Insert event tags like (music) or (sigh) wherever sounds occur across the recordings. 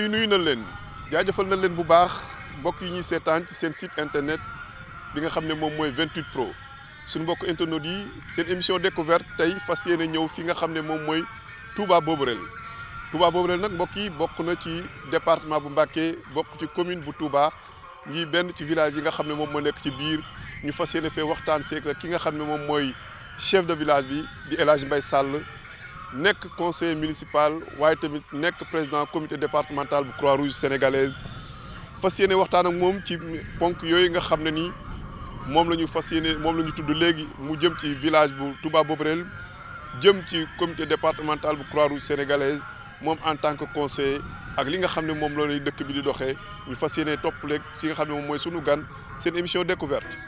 mbokk yi nuyu na leen jaajafal na leen bu baax mbokk yi ñuy seetaan ci seen site internet bi nga xam ne moom mooy 28 pro suñu mbokk internet yi seen émission découverte tey fas yéene ñëw fi nga xam ne moom mooy Touba Boborel Touba Boborel nag mbokk yi bokk na ci département bu Mbacké bokk ci commune bu Touba ngi benn ci village yi nga xam ne moom moo nekk ci biir ñu fas yéene fee waxtaan seeg ki nga xam ne moom mooy chef de village bi di El mbay Mbaye Sall nekk conseiller municipal waaye tamit nekk président comité départemental bu Croix-Rouge sénégalaise fas yéene waxtaan ak moom ci ponk yooyu nga xam ne nii moom la ñu fas yéene moom la ñu tudd léegi mu jëm ci village bu Touba Boborel jëm ci comité départemental bu Croix-Rouge sénégalaise moom en tant que conseiller ak li nga xam ne moom loolu dëkk bi di doxee ñu fas yéene topp léegi ci nga xam ne moom mooy sunu gan seen émission découverte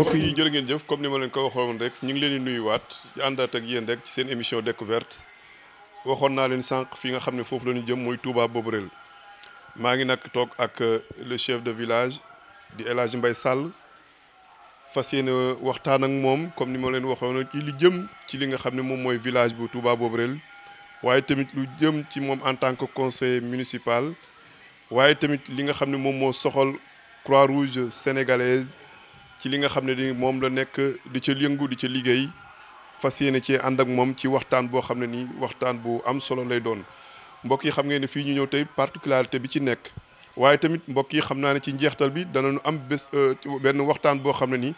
mbokk yi (laughs) jërë ngeen jëf comme ni ma leen ko waxoon rek ñu ngi leen di nuyuwaat di àndaat ak yéen rek ci seen émission découverte waxoon naa leen sànq fi nga xam ne foofu la ñu jëm mooy Touba Boborel maa ngi nag toog ak euh, le chef de village di El mbay Mbaye Sall fas yéene waxtaan ak moom comme ni ma leen waxoon ci li jëm ci li nga xam ne moom mooy village bu Touba Boborel waaye tamit lu jëm ci moom en tant que conseiller municipal waaye tamit li nga xam ne moom moo soxal Croix-Rouge sénégalaise ci li nga xam ne ni moom la nekk di ca yëngu di ca liggéey fas yéene cee ànd ak moom ci waxtaan boo xam ne nii waxtaan bu am solo lay doon mbokk yi xam ngeen ne fii ñu ñëw tey particularité bi ci nekk waaye tamit mbokk yi xam naa ne ci njeextal bi danañu am bés euh, benn waxtaan boo xam ne nii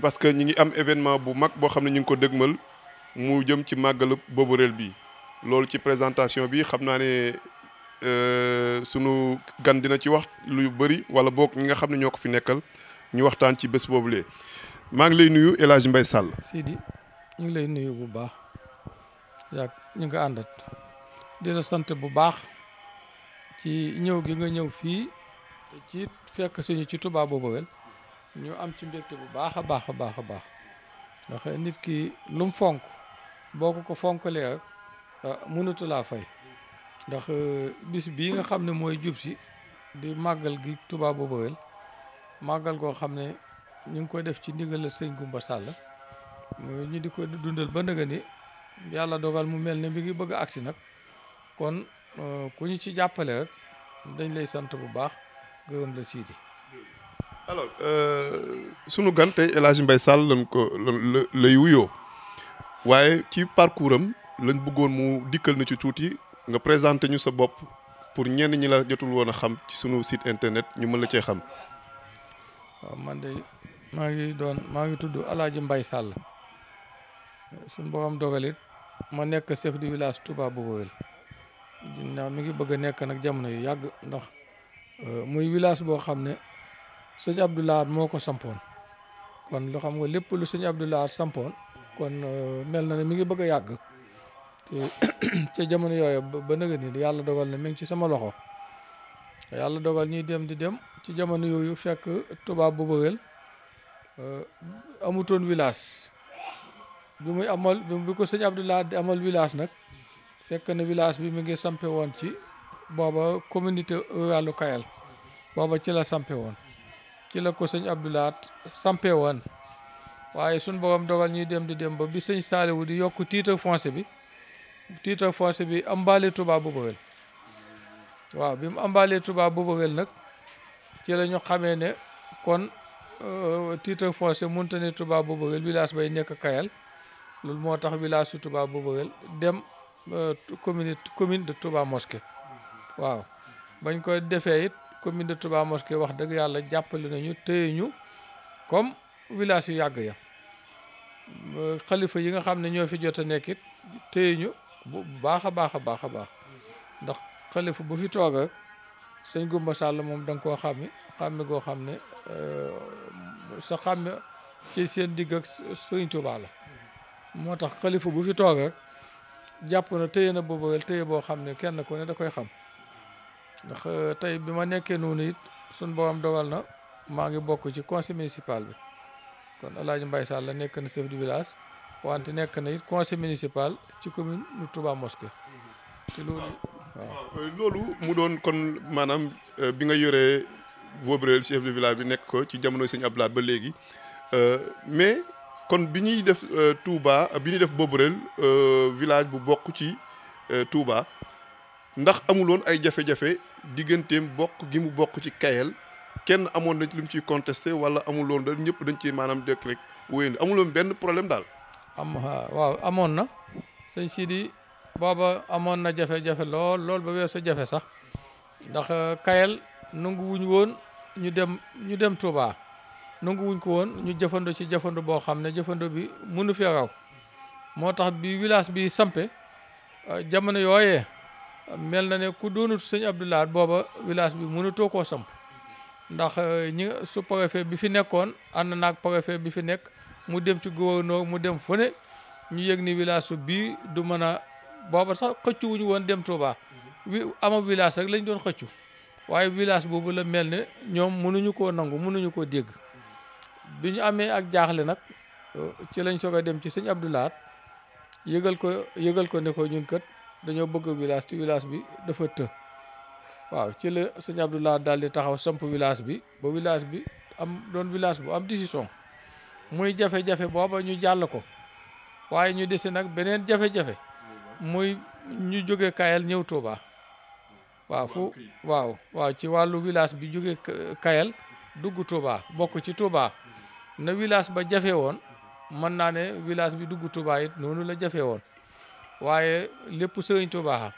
parce que ñu ngi am événement bu mag boo xam ne ñu ngi ko dëgmal mu jëm ci màggalu Boborel bi loolu ci présentation bi xam naa ne euh, sunu gan dina ci wax lu bëri wala boog ñi nga xam ne ñoo ko fi nekkal ñu waxtaan ci bés boobu lee maa ngi lay nuyu El Hadj Mbaye sii di ñu ngi lay nuyu bu baax yaa ñu ngi àndat di la sant bu baax ci ñëw gi nga ñëw fii ci fekk suñu ci Touba Boubouel ñu am ci mbégte bu baax a baax a baax a baax ndax nit ki lum fonk boo ko ko fonkalee rek ah, mënatu laa fay ndax eh, bis bii nga xam ne mooy jub si di màggal gi tubaab Boubouel màggal goo xam ne ñu ngi koy def ci ndigal la sëñ Gumba Sall mooy ñu di ko dundal ba nëga ni yàlla dogal mu mel ne mi ngi bëgg a agsi nag kon euh, ku ñu ci jàppale rek dañ lay sant bu baax gërëm la siidi euh, sunu gan tey El lañ ko la lay waaye ci parcours am lañ bëggoon mu dikkal na ci tuuti nga présente ñu sa bopp pour ñenn ñi la jotul woon a xam ci sunu site internet ñu mën la cee xam man de maa ngi doon maa ngi tudd Alaaji Mbay Sàll suñu borom dogalit ma nekk chef du village Touba Boboyel dinaa mi ngi bëgg a nekk nag jamono yu yàgg ndax euh, muy village boo xam ne sëñ Abdoulaye moo ko sampoon kon lu xam nga lépp lu sëñ Abdoulaye sampoon kon euh, mel na ne mi ngi bëgg a yàgg te (coughs) ca jamono yooyu ba nëga ni yàlla dogal na mi ci sama loxo yàlla dogal ñuy dem di dem ci jamono yooyu fekk tubaab bu Bawel euh, amutoon village bi muy amal bi ko sëñ Abdoulaye di amal village nag fekk na village bi mu ngi sampe woon ci booba communité wàllu Kayal booba ci la sampe woon ci la ko sëñ Abdoulaye sampe woon waaye sun boobam dogal ñuy dem di dem ba bi sëñ Saaliwu di yokk titre foncier bi titre foncier bi ambale tubaab bu Bawel waaw bi mu ambalee Touba Boubouguel nag ci la ñu xamee ne kon euh, titre foncier mënta tubaab Touba Boubouguel village bay nekk Kayal loolu moo tax village su Touba Boubouguel dem euh, commune commune de Touba Mosquée waaw bañ koy defee it commune de Touba Mosquée wax dëgg yàlla jàppale nañu téye ñu comme village yu yàgg ya euh, xalifa yi nga xam ne ñoo fi jot a nekkit it téye ñu baax a baax a baax a baax ndax xalifu bu fi toog sëñ Gumba moom da nga koo xàmmi xàmmi goo xam ne euh, sa xàmmi ci seen digg sëñ Tuubaa moo tax xalifu bu fi toog jàpp na téye na boobawel boo xam ne kenn ku ne da koy xam ndax euh, tey bi ma nekkee noonu it suñ boobam dogal na maa ngi bokk ci conseil bi kon El Hadj Mbaye Sall la nekk na chef du village wante nekk na it conseil municipal ci commune nu Touba Mosquée te loolu waaw euh, loolu mu doon kon maanaam euh, bi nga yoree Vabreuil chef de village bi nekk ko ci jamono sëñ Abdoulaye ba léegi euh, mais kon bi ñuy def Touba bi ñuy def Vabreuil village bu bokk ci Touba ndax amuloon ay jafe-jafe digganteem bokk gi mu bokk ci Kayel kenn amoon nañ ci lu mu ciy contesté wala amuloon da ñëpp dañ ci maanaam dëkk rek wéy amuloon benn problème daal. am waaw amoon na sëñ Sidi booba amoon na jafe-jafe lool lool ba weesu jafe sax ndax euh, kayel nungu wuñ woon ñu dem ñu dem Touba nungu wuñ ko woon ñu jëfandu ci jëfandu boo xam ne jëfandu bi munu fi raw moo tax bi village bi sampe euh, jamono yooye mel na ne ku doonut sëñ Abdoulaye booba village bi mënutoo koo samp ndax euh, ñi su préfet bi fi nekkoon ànd naag préfet bi fi nekk mu dem ci gouverneur mu dem fu ne ñu yëg ni village su bii du mën a booba sax xëccu wuñu woon dem Touba mhm. wi ama village rek lañ doon xëccu waaye village boobu la mel ne ñoom mënuñu koo nangu mënuñu koo dégg mhm. bi ñu amee ak jaaxle nag euh, ci lañ soog a dem ci sëñ Abdoulaat yëgal ko yëgal ko ne ko ñun kët dañoo bëgg village ci village bi dafa të waaw ci la sëñ Abdoulaat daal di taxaw samp village bi ba village bi am doon village bu am décision muy jafe-jafe booba ñu jàll ko waaye ñu dese nag beneen jafe-jafe muy ñu jóge Kayal ñëw Touba waaw fu waaw waaw ci wàllu village bi jóge Kayal dugg Touba bokk ci Touba na village ba jafe woon mën naa ne village bi dugg Touba it noonu la jafe woon waaye lépp sëriñ Touba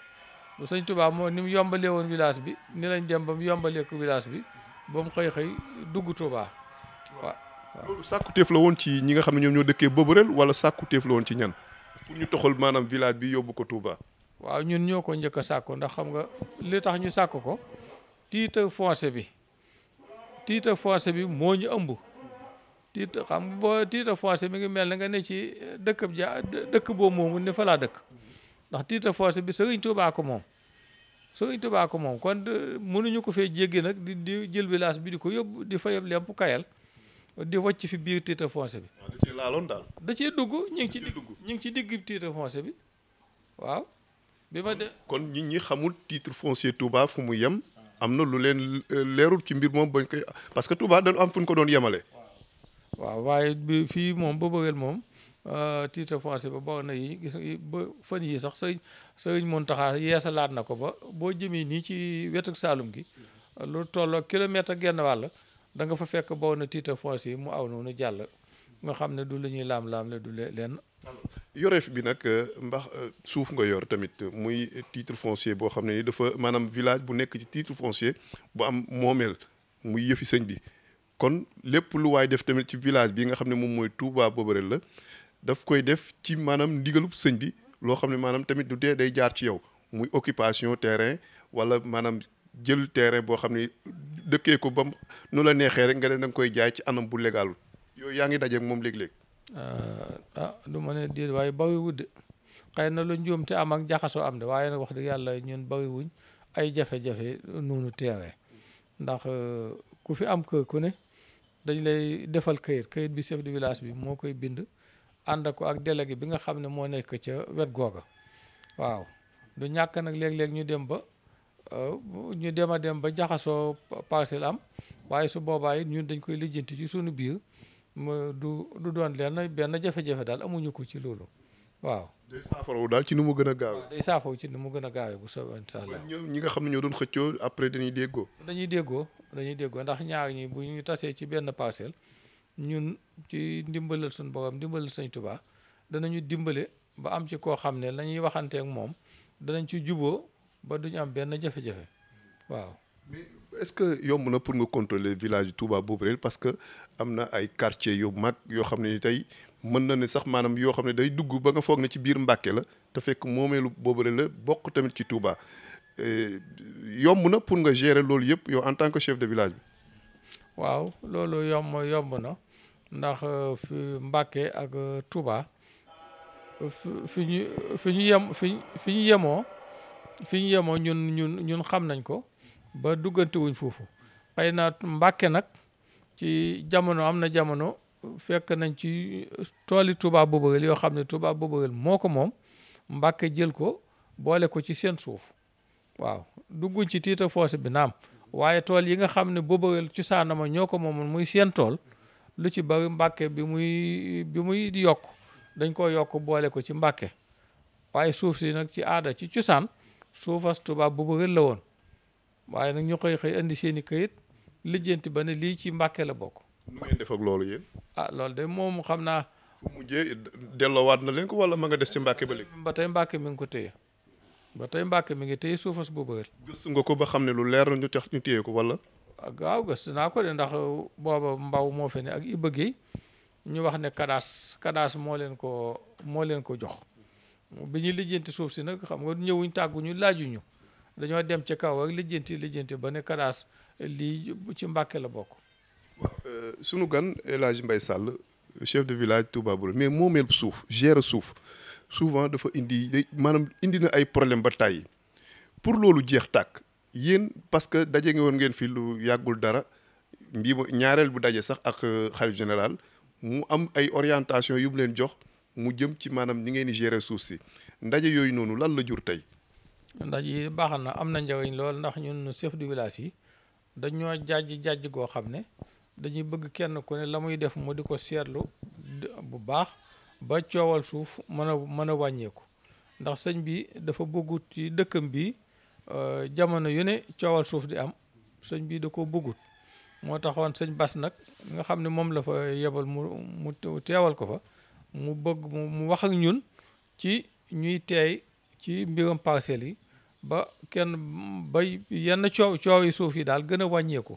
bu sëriñ Touba moo ni mu yombalee woon village bi ni lañ dem ba mu yombalee ko bi ba mu xëy xëy dugg Touba sàkkuteef la woon ci ñi nga xam ne ñoom ñoo dëkkee Boborel wala sàkkuteef la woon ci ñan. pour ñu toxal maanaam village bi yóbbu ko Touba. waaw ñun ñoo ko njëkk a sàkku ndax xam nga li tax ñu sàkk ko titre foncier bi tiita foncier bi moo ñu ëmb titre xam nga boo titre foncier mi ngi mel ne ne ci dëkk ja dëkk boobu moomu ne fa dëkk ndax titre foncier bi Sëriñ Touba ko moom Sëriñ Touba ko moom kon mënuñu ko fee jéggi nag di di jël village bi di ko yóbbu di fa yóbbu lemp kayal di wàcc fi biir titre foncier bi. da cee daal. da cee dugg ñu ngi ci digg ñu ngi ci digg titre foncier bi waaw. bi ma de kon nit ñi xamul titre foncier Touba fu mu yem. am na lu leen euh, leerul ci mbir moom bañ koy parce que Touba dañu am ko doon yemale. waaw waaye bi fii moom ba moom euh, titre foncier ba baax yi gis ba fan yii sax sëñ sëñ Mountakha laat na ko ba boo jëmee nii ci wetu Saalum gi. lu tolloo kilomètre genn wàll. da nga fa fekk boo na tiita foos yi mu aw noonu jàll nga xam ne du lu ñuy laam-laam le du le leen yoreef bi nag euh, mbax euh, suuf nga yor tamit muy titre foncier boo xam ne ni dafa maanaam village bu nekk ci titre foncé bu am moomeel muy yëfi sëñ bi kon lépp lu waay def tamit ci village bi nga xam ne moom mooy Touba Boberel la daf koy def ci maanaam ndigalub sëñ bi loo xam ne maanaam tamit du dee day jaar ci yow muy occupation terrain wala maanaam jël terrain boo xam ne dëkkee ko ba nu la neexee rek nga ne da koy jaay ci anam bu légalul yooyu yaa ngi dajeeg moom léeg-léeg. Ah, ah du ma ne déet waaye bawi wudde xëy na lu njuum te am ak jaxasoo am de waaye nag wax dëgg yàlla ñun bawi wuñ ay jafe-jafe noonu teewee ndax euh, ku fi am kër ku ne dañ lay defal kayit kayit bi chef de village bi moo koy bind ànd ko ak délégué bi nga xam ne moo nekk ca wet googa waaw du ñàkk nag léeg-léeg ñu dem ba. Euh, ñu dem a dem ba jaxasoo parcelle am waaye su boobaa it ñun dañ koy lijjanti ci sunu biir du du doon lenn benn jafe-jafe daal amuñu ko ci loolu waaw. day saafarawu daal ci ni mu gën a gaawee. day saafarawu ci ni mu gën a gaawee bu soobee incha allah. ñi nga xam ne ñoo doon xëccoo après dañuy déggoo. dañuy déggoo dañuy déggoo ndax ñaar ñi bu ñu tasee ci benn parcelle ñun ci ndimbalal suñu borom ndimbalal Sëñ Tuubaa danañu dimbale ba am ci koo xam ne la ñuy waxanteek moom danañ ci juboo ba duñu am benn jafe-jafe waaw. mais est-ce que yomb na pour nga contrôler village boobu Boubirel parce que am na ay quartiers yu mag yoo xam ne ni tey mën na ne sax maanaam yoo xam ne day dugg ba nga foog ne ci biir Mbàkke la te fekk moomeelu boobu Boubirel la bokk tamit ci Touba yomb na pour nga gérer loolu yëpp yow en tant que chef de village bi. waaw loolu yomb na ndax euh, fi Mbàkke ak euh, Touba euh, fi ñu fi ñu yem fi fi ñu yemoo. fi ñu yemoo ñun ñun ñun xam nañ ko ba duggantewuñ foofu xëy naa Mbàkke nag ci jamono am na jamono fekk nañ ci tooli Touba Boubouguel yoo xam ne Touba Boubouguel moo ko moom mbakke jël ko boole ko ci seen suuf waaw dugguñ ci tiita foose bi naam waaye tool yi nga xam ne Boubouguel ci ma ñoo ko moomoon muy seen tool lu ci ba Mbàkke bi muy bi muy yokk dañ ko yokk boole ko ci Mbàkke waaye suuf si nag ci aada ci cosaan suufas tubaab bu wér la woon waaye nag ñu xëy xëy indi seen i këyit lijjanti ba ne lii ci mbàkke la bokk. nu ngeen def ak loolu yéen. ah loolu de moom xam naa. fu mujjee delloowaat na leen ko wala ma nga des ci mbàkke ba léegi. ba tey mbàkke mi ngi ko téye ba tey mbàkke mi ngi téye suufas bu wér. gëstu nga ko ba xam ne lu leer ñu tex ñu téye ko wala. waaw ah, gëstu naa ko de ndax uh, booba mbaw moo fi ne ak i bëgg ñu wax ne kadaas kadaas moo leen ko moo leen ko jox. bi ñuy lijjanti suuf si nag xam nga ñëwuñ tàgguñu laajuñu dañoo dem ca kaw ak lijjanti lijjanti ba ne karaas lii ci Mbàkke la bokk. waaw euh, sunu gan El Hadj Mbaye Sall chef de village Touba mais moomeel suuf gère suuf souvent dafa indi maanaam indi na ay problème ba tàyyi pour loolu jeex tàkk yéen parce que daje woon ngeen fi lu yàggul dara mbii ñaareel bu daje sax ak euh, xalif général mu am ay orientation yu leen jox. mu jëm ci maanaam ñi ngeen di gérer suuf si ndaje yooyu noonu lan la jur tey. ndaje yi baax na am na njëriñ lool ndax ñun chef de village yi dañoo jàjj jàjj goo xam ne dañuy bëgg kenn ku ne la muy def mu di ko seetlu bu baax ba coowal suuf mën a mën a wàññeeku ndax sëñ bi dafa bëggut ci dëkkam bi euh, jamono yu ne coowal suuf di am sëñ bii da ko bëggut moo taxoon sëñ Bas nag nga xam ne moom la fa yebal mu mu teewal ko fa. mu bëgg mu wax ak ñun ci ñuy teey ci mbirum parcelles yi ba kenn ba yenn coow coow yi suuf yi daal gën a wàññeeku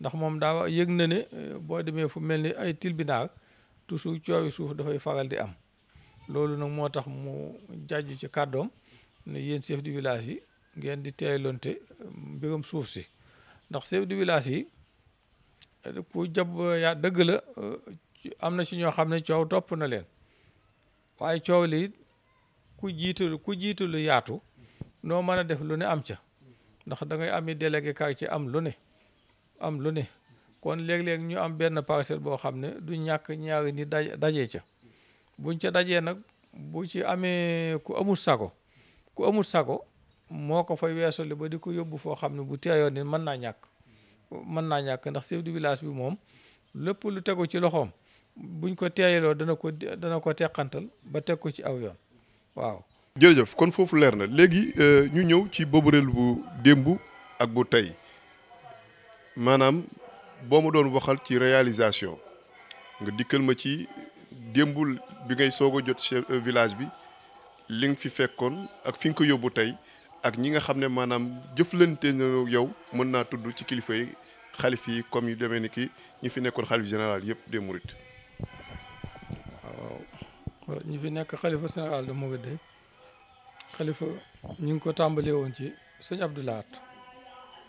ndax moom daa yëg na ne eh, boo demee fu mel ni ay tilbinaar toujours coow suuf dafay faral di am loolu nag moo tax mu jàjju ci kàddoom ne yéen chef de village yi ngeen di teeylonte eh, mbiram suuf si ndax chef de village yi eh, ku jab yaa dëgg la am na ci ñoo xam ne coow topp na leen waaye coow li ku jiitu ku jiitu lu yaatu noo mën a def lu ne am ca ndax dangay ngay ami délégué kaay ci am lu ne am lu ne kon léeg-léeg ñu am benn parcelle boo xam ne du ñàkk ñaari ni daj dajee ca buñ ca dajee nag bu ci amee ku amul sago ku amul sago moo ko fa fay weesole ba di ko yóbbu foo xam ne bu teeyoon ni mën naa ñàkk mën naa ñàkk ndax chef du village bi moom lépp lu tegu ci loxoom buñ ko teeyaloo dana ko dana ko teqantal ba teg ko ci aw yoon waaw. jërëjëf kon foofu leer na léegi euh, ñu ñëw ci bobureel bu démb ak bu tey maanaam boo ma doon waxal ci réalisation nga dikkal ma ci démbul bi ngay soog a jot chef euh, village bi li nga fi fekkoon ak fi nga ko yóbbu tey ak ñi nga xam ne maanaam jëflante na yow mën naa tudd ci kilifa yi xalif yi comme yu demee ni ki ñi fi nekkoon xalif général yëpp des mourides waaw ñi fi nekk xalifa général de Mouride xalifa ñu ngi ko tàmbalee woon ci sëñ Abdoulaat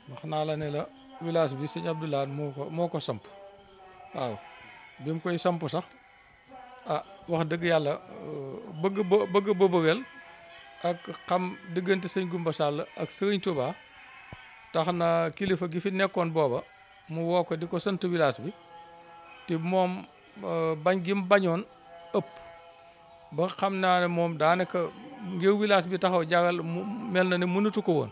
wax naa ne la village bi sëñ moo ko moo ko samp waaw bi mu koy samp sax ah wax dëgg yàlla euh, bëgg bëgg bëggal ak xam diggante sëñ Gumba Sall ak sëriñ Touba tax na kilifa gi fi nekkoon booba mu woo ko di ko sant village bi te moom euh, bañ gi mu bañoon ëpp ba xam naa ne moom daanaka ngéew village bi taxaw jagal mu mel na ne mënatu ko woon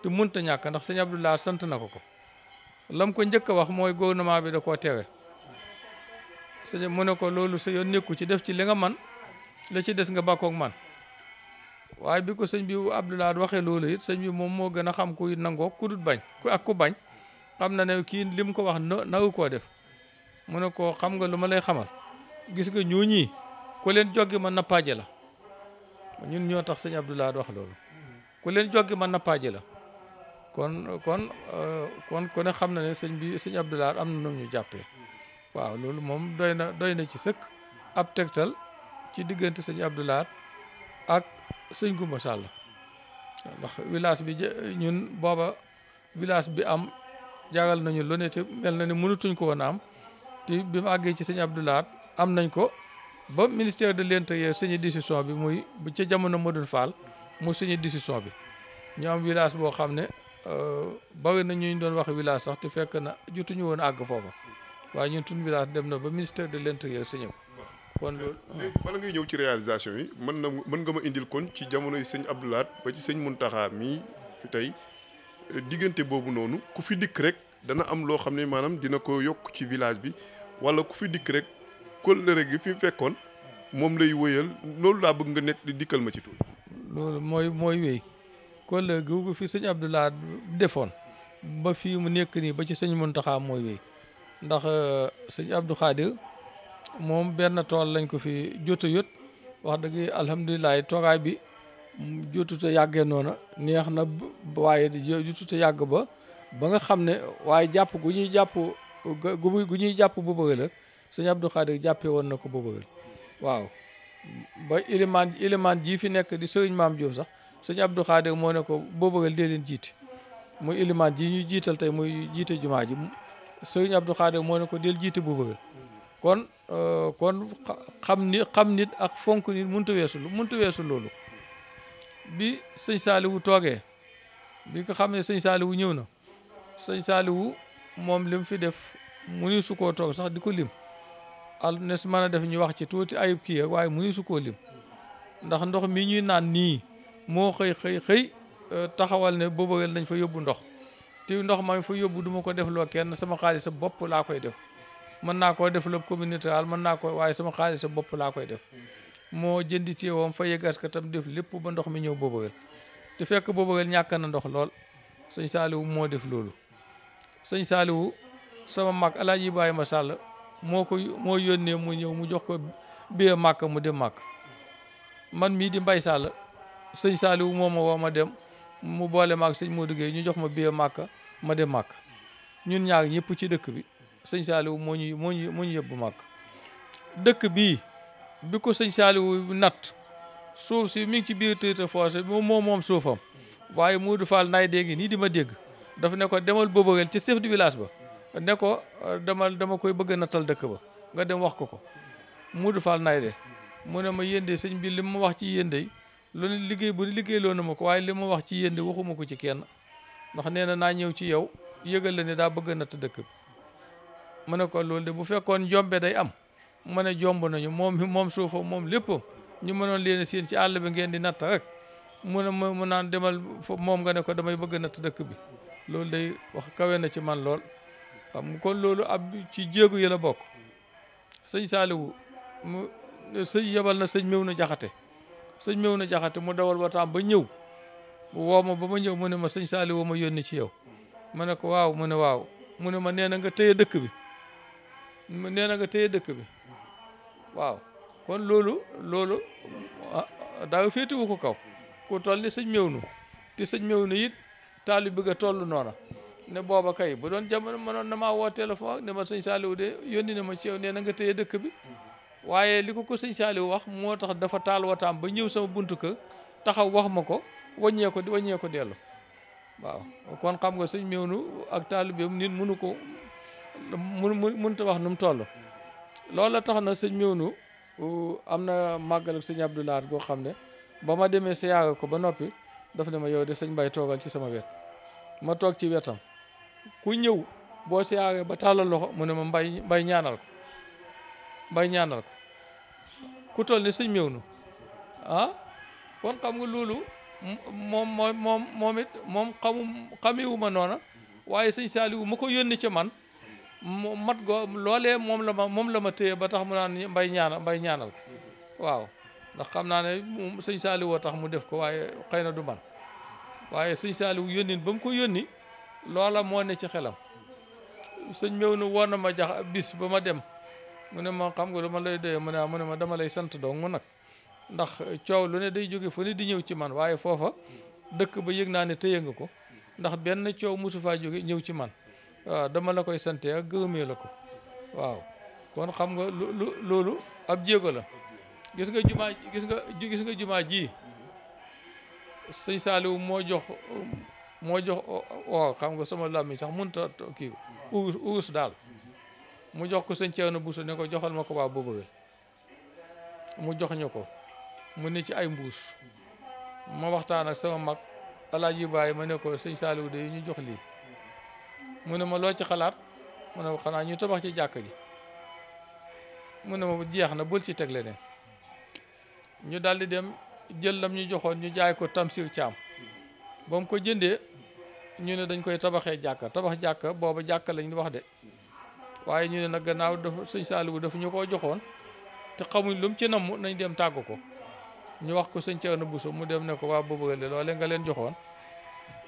te mënta ñàkk ndax sëñ Abdoulaye sant na ko ko lam ko njëkk wax mooy gouvernement bi da koo teewe sëñ mu ne ko loolu sa yoon nekku ci def ci li nga man la ci des nga bàkkoog man waaye bi ko sëñ bi Abdoulaye waxee loolu it sëñ bi moom moo gën a xam kuy nangoo ku dut bañ ku ak ku bañ xam na ne kii lim ko wax na nagu koo def mu ne ko xam nga lu ma lay xamal gis nga ñooñi ko leen joggi ma nappaaje la ñun ñoo tax sëñ Abdoulaye wax loolu ku leen joggi ma nappaaje la kon kon euh, kon ku xam na ne sëñ bi sëñ Abdoulaye am na ñu jàppee waaw loolu moom doy na doy na ci sëkk ab tegtal ci diggante sëñ abdulaat ak sëñ Gumba Sall ndax village bi ñun booba village bi am jaagal nañu lu ne te mel na ne mënatuñ ko woon am ti bi mu àggee ci sëñ Abdoulaye am nañ ko ba ministère de l'intérieur signé décision bi muy ci jamono jamono Modou Fall mu signé décision bi ñu am village boo xam ne euh, bari na ñu doon wax village sax te fekk na jotuñu woon àgg foofa waaye ñun tun village dem na ba ministère de l'intérieur signé ko kon loolu léegi bala ngay ñëw ci réalisation yi mën na mën nga ma indil kon ci jamonoy sëñ Abdoulaat ba ci sëñ Muntaxa mii fi tey euh, diggante boobu noonu ku fi dikk rek dana am loo xam ne maanaam dina ko yokk ci village bi wala ku fi dikk rek kóllëre gi fi fekkoon moom lay wëyal loolu laa bëgg nga net di dikkal ma ci tuuti. mooy mooy wéy kóllëre gi fi sëñ Abdoulaye defoon ba fii mu nekk nii ba ci sëñ Mountakha mooy wéy ndax euh, sëñ Abdou Khadir moom benn tool lañ ko fi jot a yot wax dëgg alhamdulilah toogaay bi jotut a yàggee noona neex na waaye jotut a yàgg ba ba nga xam ne waaye jàpp gu ñuy jàpp gu ñuy jàpp bu sëñ Abdou Khadir jàppee woon na ko boobu waaw ba ilimaan ilimaan jii fi nekk di sëriñ maam Diop sax sëñ Abdou Khadir moo ne ko boobu dee leen jiit muy ilimaan jii ñu jiital tey muy jiite jumaa ji sëriñ Abdou Khadir moo ne ko del jiite boobu kon euh, kon xam ni xam nit ak fonk nit mënta weesu mënta weesu loolu bi sëñ wu tooge bi nga xam ne sëñ wu ñëw na sëñ Saaliwu moom li fi def mu ni toog sax di ko lim al ne su mën def ñu wax ci tuuti ayub kii ak waaye mënu su koo lim ndax ndox mi ñuy naan nii moo xëy xëy xëy euh, taxawal ne boobawel nañ fa yóbbu ndox te ndox ma fa yóbbu duma ko def loo kenn sama xaalisa bopp laa koy def mën naa koo def loo communautaire mën naa ko waaye sama xaalis bopp laa koy def moo jëndi téewoom fa yeggas ka tam def lépp ba ndox mi ñëw boobawel te fekk boobawel ñàkk na ndox lool sëñ saaliwu moo def loolu sëñ saaliwu sama mag alaaji Ibrahima Sall moo ko moo yónnee mu ñëw mu jox ko biyee màkk mu dem màkk man mii di mbay sàll sëñ saaliwu moo ma ma dem mu boole maag sëñ Modou Gueye ñu jox ma biyee màkk ma dem màkk ñun ñaar ñëpp ci dëkk bi sëñ saaliwu moo ñu moo ñu moo dëkk bii bi ko sëñ wu natt suuf si mi ngi ci biir Territoire forcé moom moom moom suufam waaye Modou Fall naay dégg nii di ma dégg dafa ne ko demal Boboguel ci chef de village ba ne ko euh, demal dama koy bëgg a nattal dëkk ba nga dem wax ko ko Modou Fall naay de mu ne ma yéende sëñ bi li ma wax ci yéende lu liggéey bu liggéey loo ma ko waaye li ma wax ci yéende waxuma ko ci kenn ndax nee na naa ñëw ci yow yëgal la ne daa bëgg natt dëkk bi mu ne ko loolu bu fekkoon jombe day am mu ne jomb nañu moom moom suufam moom ñu mënoon leen seen ci àll bi ngeen di natt rek mu ne mu naan demal moom nga ne ko damay bëgg a natt dëkk bi loolu day wax kawe na ci man lool xam kon loolu ab ci jéegu yi la bokk sëñ saaliwu mu sëñ yebal na sëñ mew na jaxate sëñ mew na jaxate mu dawal wataam ba ñëw woo ma ba ma ñëw mu ne ma sëñ saaliwu ma yónni ci yow ma ne ko waaw mu ne waaw mu ne ma nee na nga téye dëkk bi nee na nga téye dëkk bi waaw kon loolu loolu daaw féetewu ko kaw ku toll ni sëñ mew nu te sëñ mew nu it taali bi nga toll noona ne booba kay bu doon jamono mënoon na maa woo téléphone ne ma sëñ Saliou de yónni na ma ci yow nee na nga tëye dëkk bi waaye li ko ko sëñ Saliou wax moo tax dafa taal wataam ba ñëw sama buntu kë taxaw wax ma ko wàññee ko wàññee ko dellu waaw kon xam nga sëñ Mewnu ak taalibeem nit mënu ko mun mënta wax nu mu toll loolu la tax na sëñ Mewnu am na màggal ak sëñ Abdou Lahad goo xam ne ba ma demee sa yaaga ko ba noppi daf ne ma yow de sëñ Mbay toogal ci sama wet ma toog ci wetam ku ñëw boo si siyaaree ba tàllal loxo mu ne ma mbay mbay ñaanal ko mbay ñaanal ko ku toll ni sëñ méew nu ah kon xam nga loolu moom moo moom moom it moom xamu xamewu ma noona waaye saali wu ma ko yónni ca man mat go loole moom la ma moom la ma téye ba tax mu naan mbay ñaanal mbay ñaanal ko waaw ndax xam naa ne sëñ saaliwoo tax mu def ko waaye xëy na du man waaye sëñ saaliwu yónnin ba mu ko yónni loola moo ne ci xelam sëñ méw nu woon na ma jax bis ba ma dem mu ne ma xam nga lu ma lay doyee mu ne mu ne ma dama lay sant dong mu nag ndax coow lu ne day jóge fu ne di ñëw ci man waaye foofa dëkk ba yëg naa ne téye nga ko ndax benn coow mosu faa jóge ñëw ci man dama la koy sante ak gërëmee la ko waaw kon xam nga lu loolu ab jéego la gis nga jumaa gis nga gis nga jumaa ji sëñ Saaliw moo jox moo jox oo xam nga sama làmmiñ sax mënta kii uus uus daal mu jox ko sëñ Ceerno buus ne ko joxal ma ko waa Boubouel mu jox ñu ko mu ne ci ay mbuus ma waxtaan ak sama mag yu bàyyi ma ne ko sëñ Saaliw de yi ñu jox lii mu ne ma loo ci xalaat mu ne xanaa ñu tabax ci jàkk ji mu ne ma jeex na bul ci teg leneen ñu di dem jël lam ñu joxoon ñu jaay ko Tamsir Caam ba mu ko jëndee ñu ne dañ koy tabaxee jàkka tabax jàkka booba jàkka lañ wax de waaye ñu ne nag gannaaw dafa suñ Saaliwu dafa ñu ko joxoon te xamuñ lu mu ci mu nañ dem tàgg ko ñu wax ko sëñ Thierno Bousso mu dem ne ko waa boobu de loole nga leen joxoon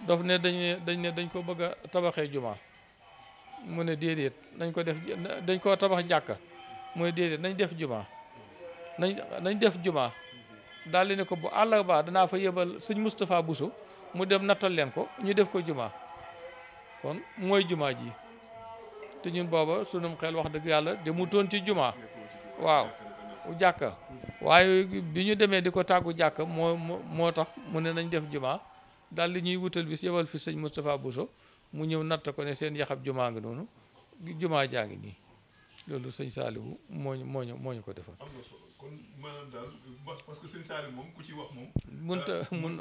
daf ne dañ ne dañ ne dañ ko bëgg tabaxee juma mu ne déedéet nañ ko def dañ koo tabax jàkka mu ne déedéet nañ def juma nañ nañ def juma daal di ne ko bu àll ba danaa fa yebal sëñ Moustapha Bousso mu dem nattal leen ko ñu def ko jumaa kon mooy jumaa ji te ñun booba sunum xel wax dëgg yàlla demutoon ci jumaa waaw jàkka waaye bi ñu demee di ko tàggu jàkka moo moo tax mu ne nañ def jumaa daal di ñuy wutal si yebal fi sëñ Moustapha Bousso mu ñëw natt ko ne seen yaxab jumaa ngi noonu jumaa jaa ngi nii loolu sëñ Saliou moo ñu moo ñu moo ñu ko defal. am na solo kon maanaam daal parce que sëñ Saliou moom ku ci wax moom. mënta euh, mun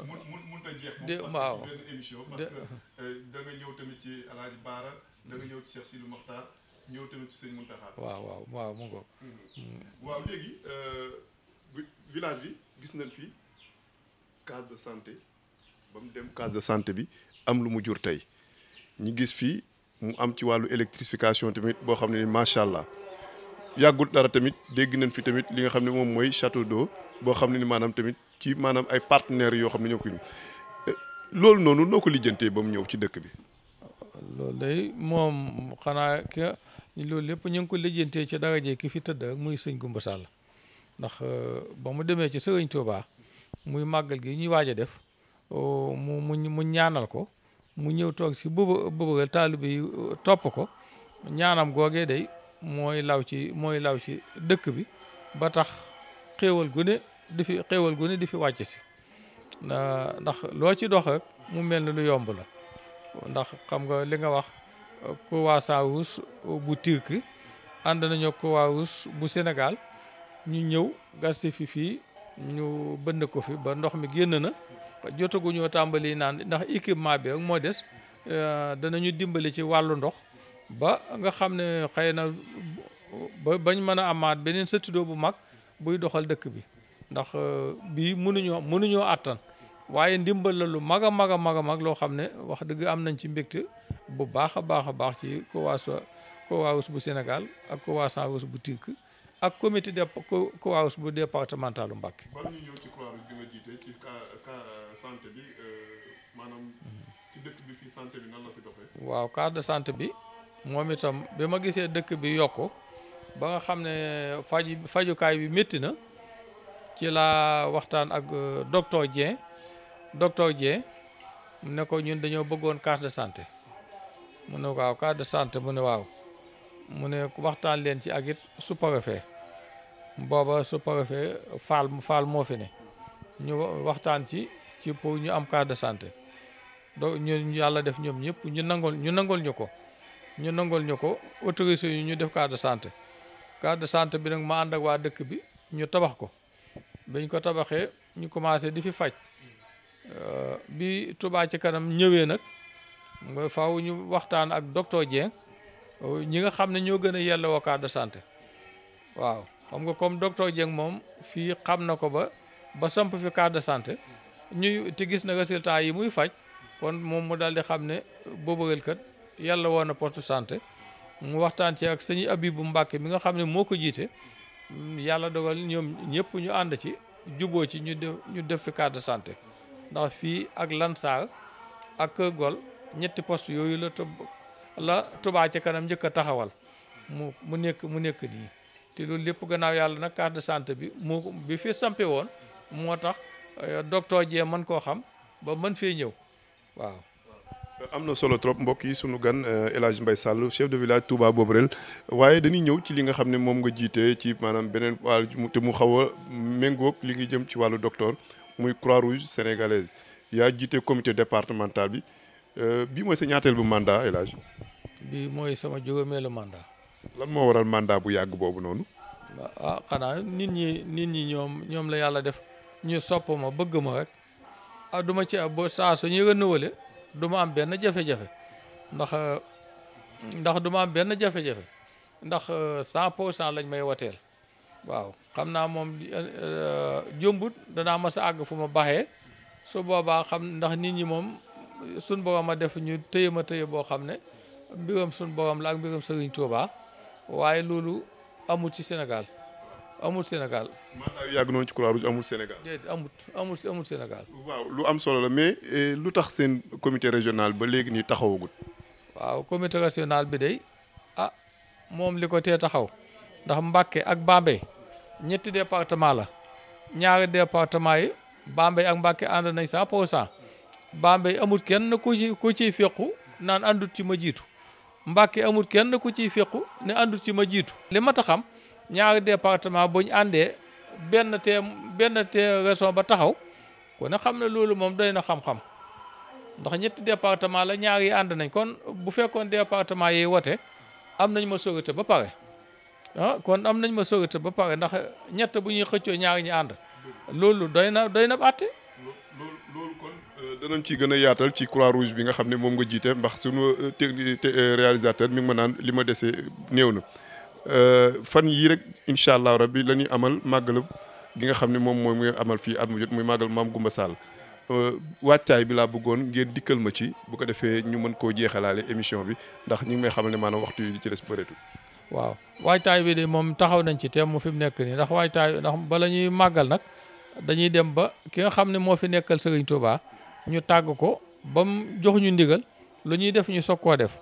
mënta jeex moom. de waaw parce que benn émission parce que euh, da nga ñëw tamit waaw waaw waaw mm-hmm. waaw léegi euh, village bi gis nañ fi case de santé ba mu dem case de santé bi am lu mu jur tey ñu gis fii. mu am ci wàllu électrification tamit boo xam ne ni macha allah yàggul dara tamit dégg nañ fi tamit li nga xam ne moom mooy château d'eau boo xam ne ni maanaam tamit ci maanaam ay partenaires yoo xam ne ñoo ko eh, loolu noonu noo ko lijjantee ba mu ñëw ci dëkk bi. loolu day moom xanaa ka loolu lépp ñu ngi ko lijjantee ci dara jee ki fi tëdd muy sëñ Gumba Sall ndax euh, ba mu demee ci sëriñ Touba muy màggal gi ñuy waaj a def oh, mu mu ñaanal ko. mu ñëw toog si bëba bëbëgal taalibe yi uh, topp ko ñaanam googee day mooy law ci mooy law ci dëkk bi ba tax xéewal gu di fi xéewal gu di fi wàcc si ndax loo ci dox mu mel na lu yomb la ndax xam nga li nga wax COASAWUS bu Turquie ànd nañu wawus bu senegal ñu ñëw gas fi fii ñu bënd ko fi ba ndox mi génn na jotaguñoo tàmbali naan ndax équipement bi ak moo des euh, danañu dimbali ci wàllu ndox ba nga xam ne xëy na ba bañ mën a amaat beneen studio bu mag buy doxal dëkk bi ndax euh, bii mënuñoo mënuñoo àttan waaye ndimbal la lu mag a mag a mag a mag loo xam ne wax dëgg am nañ ci mbégte bu baax a baax a baax ci COWAS COWAS bu Sénégal ak COWAS bu TIC ak comité de COAOS bu départementalu Mbacké. bala ñu ñëw ci COAOS bi bi euh, maanaam ci waaw cas de santé bi moom itam bi ma gisee dëkk bi yokku ba nga xam ne faj fajukaay bi métti na ci laa waxtaan ak euh, docteur Dieng docteur Dieng ne ko ñun dañoo bëggoon case de santé mu ne waaw mu ne waxtaan leen ci ak it sous booba su préfet faal faal moo fi ne ñu waxtaan ci ci pour ñu am carte de santé do ñu yàlla def ñoom ñëpp ñu nangol ñu nangol ñu ko ñu nangol ñu ko autorisé ñu def carte de santé carte de santé bi nag ma ànd ak waa dëkk bi ñu tabax ko biñ ko tabaxee ñu commencé di fi faj euh, bi Touba ci kanam ñëwee nag nga faaw ñu waxtaan ak docteur Dieng ñi nga xam ne ñoo gën a yelloo carte de santé waaw xam nga comme docteur Dieng moom fii xam na ko ba ba samp fi carte de santé ñuy te gis na résultat yi muy faj kon moom mu daal di xam ne boobëgal kat yàlla woon na poste santé mu waxtaan ci ak abi bu Mbàkke mi nga xam ne moo ko jiite yàlla dogal ñoom ñëpp ñu ànd ci juboo ci ñu def ñu def fi carte de santé ndax fii ak Lansar ak Kër Gol ñetti post yooyu la tub la Touba ca kanam njëkk a taxawal mu mu nekk mu nekk nii te loolu lépp gannaaw yàlla nag carte de santé bi moo bi fi sampee woon moo tax euh, docteur jee man koo xam ba man fee ñëw waaw am na solo trop mbokk yi sunu gan élage euh, mbay Mbaye Sall chef de village Touba Boborel waaye dañuy ñëw ci li nga xam ne moom nga jiite ci maanaam beneen wàll te mu xaw a méngóog li ngi jëm ci wàllu doctor muy Croix-Rouge sénégalaise yaa jiite comité départemental bi euh, bii mooy sa ñaateel bu mandat El Hadj. bii mooy sama juróomeelu mandat. lan moo waral mandat bu yàgg boobu noonu. ah xanaa nit ñi nit ñi ñoom ñoom la yàlla def ñu sopp ma bëgg ma rek ah ci ba saa su ñuy renouvelé am benn jafe ndax ndax du benn jafe ndax cent pour lañ may wateel waaw xam naa moom eh, jëmbut danaa mas a àgg fu ma baxee su boobaa xam ndax nit ñi moom suñ borom a def ñu téye ma téye boo xam ne mbiram suñ borom la ak mbiram Sëriñ Tuubaa waaye loolu amul ci Sénégal amul Sénégal. yàgg noonu ci Croix-Rouge Sénégal. déedéet amut amul amul Sénégal. waaw lu am solo la mais eh, lu tax seen comité régional ba léegi nii taxawagut. waaw comité régional bi day ah moom li ko tee taxaw ndax Mbacké ak Bambey ñetti département la ñaari département yi bambe ak Mbacké ànd nañ cent pour cent kenn ku ci ku ciy fequ naan àndut ci ma jiitu. Mbàkke amul kenn ku ciy féqu ne àndut ci ma jiitu li ma ta xam ñaari département buñ àndee benn tee benn tee région ba taxaw ku ne xam ne loolu moom doy na xam-xam ndax ñetti département la ñaar yi ànd nañ kon bu fekkoon département yi wote am nañ ma sorité ba pare ah kon am nañ ma sorité ba pare ndax ñett bu ñuy xëccoo ñaari ñi ànd loolu doy na danañ ci gën a yaatal ci croix rouge bi nga xam ne moom nga jiite ndax suñu euh, technique euh, réalisateur mi ngi ma naan li ma dese new na euh, fan yii rek incha allah rabbi la ñuy amal màggal gi nga xam ne moom mooy muy amal fii at mu muy màggal maam Goumba Sall wàccaay bi laa bëggoon ngeen dikkal ma ci bu ko defee ñu mën koo jeexalaale émission bi ndax ñu may xamal ne maanaam waxtu yi ci des bëreetul. waaw waajtaay moom taxaw nañ ci teem mu fi mu nekk nii ndax waajtaay ndax bala ñuy màggal nag dañuy dem ba ki nga xam ne moo fi nekkal Serigne Touba ñu tàgg ko ba mu jox ñu ndigal lu ñuy def ñu soog koo def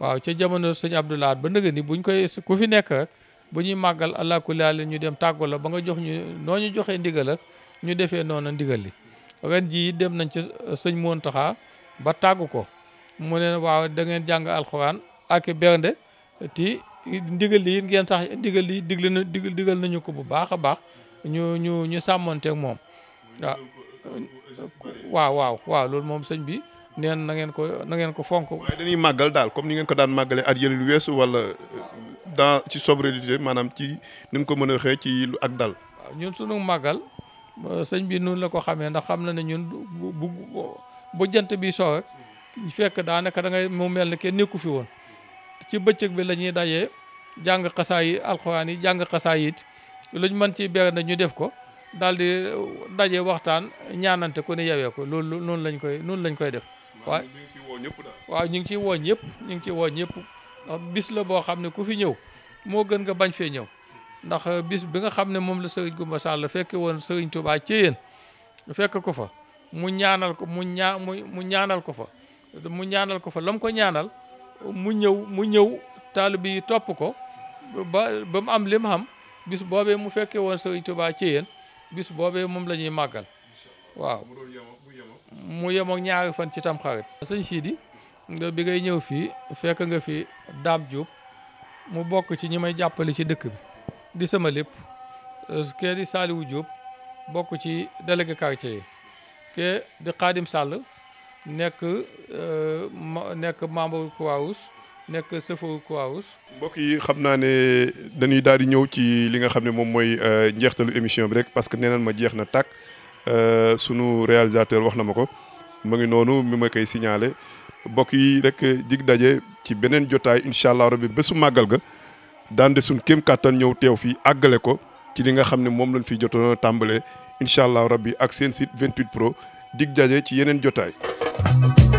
waaw ca jamono sëñ Abdoulaye ba nëgë ni buñ koy ku fi nekk rek bu ñuy màggal allah kulli aal ñu dem tàggu la ba nga jox ñu noo ñu joxee ndigal ak ñu defee noonu ndigal li ren jii dem nañ ci uh, sëñ Mountakha ba tàggu ko mu ne waaw da jàng alxuraan ak bernde ti ndigal li ngeen sax ndigal li digle na digal nañu ko bu baax a baax ñu ñu ñu sàmmonteeg moom waaw waaw waaw loolu moom sëñ bi neen na ngeen ko na ngeen ko fonk. waaye dañuy màggal daal comme ni ngeen ko daan màggalee at yële lu weesu wala euh, dans ci sobriété maanaam ci ni ko mën a waxee ci lu ak dal. waaw ñun sunu màggal euh, sëñ bi noonu la ko xamee ndax xam na ne ñun bu bu bu jant bi soo rek fekk daanaka da ngay mu mel na kenn nekku fi woon ci bëccëg bi la ñuy dajee jàng xasaa yi alxuraan yi jàng xasaa yi it luñ mën ci ber na ñu def ko. daal di uh, daje waxtaan ñaanante ku ne yawee ko loolu noonu lañ koy noonu lañ koy def waaw waaw ñu ngi ciy woo ñëpp ñu ngi ciy woo ñëpp uh, bis la boo xam ne ku fi ñëw moo gën nga bañ fee ñëw ndax uh, bis bi nga xam ne moom la sëriñ Gumba la fekke woon sëriñ Tuubaa ci yéen fekk ko fa mu ñaanal ko mu ñaa mu ñaanal ko fa mu ñaanal ko fa lam ko ñaanal mu ñëw mu ñëw taalibe yi topp ko ba ba mu am li mu am bis boobee mu fekke woon sëriñ Tuubaa ci yéen bis boobee moom la ñuy màggal waaw mu yem ak ñaari fan ci tamxarit sëñ Sidi nga bi ngay ñëw fii fekk nga fi Dame Diop mu bokk ci ñi may jàppale ci dëkk bi di sama lépp euh, kee di Saliou Diop bokk ci délégué quartier yi kee di Khadim Sall nekk euh, nekk membre croix nekk sëfo Croix-Rouge mbokk yi xam naa ne dañuy daal di ñëw ci li nga xam ne moom mooy euh, njeextalu émission bi rek parce que nee nañ ma jeex na tàkk euh, sunu réalisateur wax na ma ko mu ngi noonu mu ma koy signalé mbokk yi rek dig daje ci beneen jotaay incha allah rabbi bésu màggal ga daan def suñu kéem kàttan ñëw teew fii àggale ko ci li nga xam ne moom lañ fi joto a tàmbalee incha allah rabbi ak seen site 28 pro dig daje ci yeneen jotaay.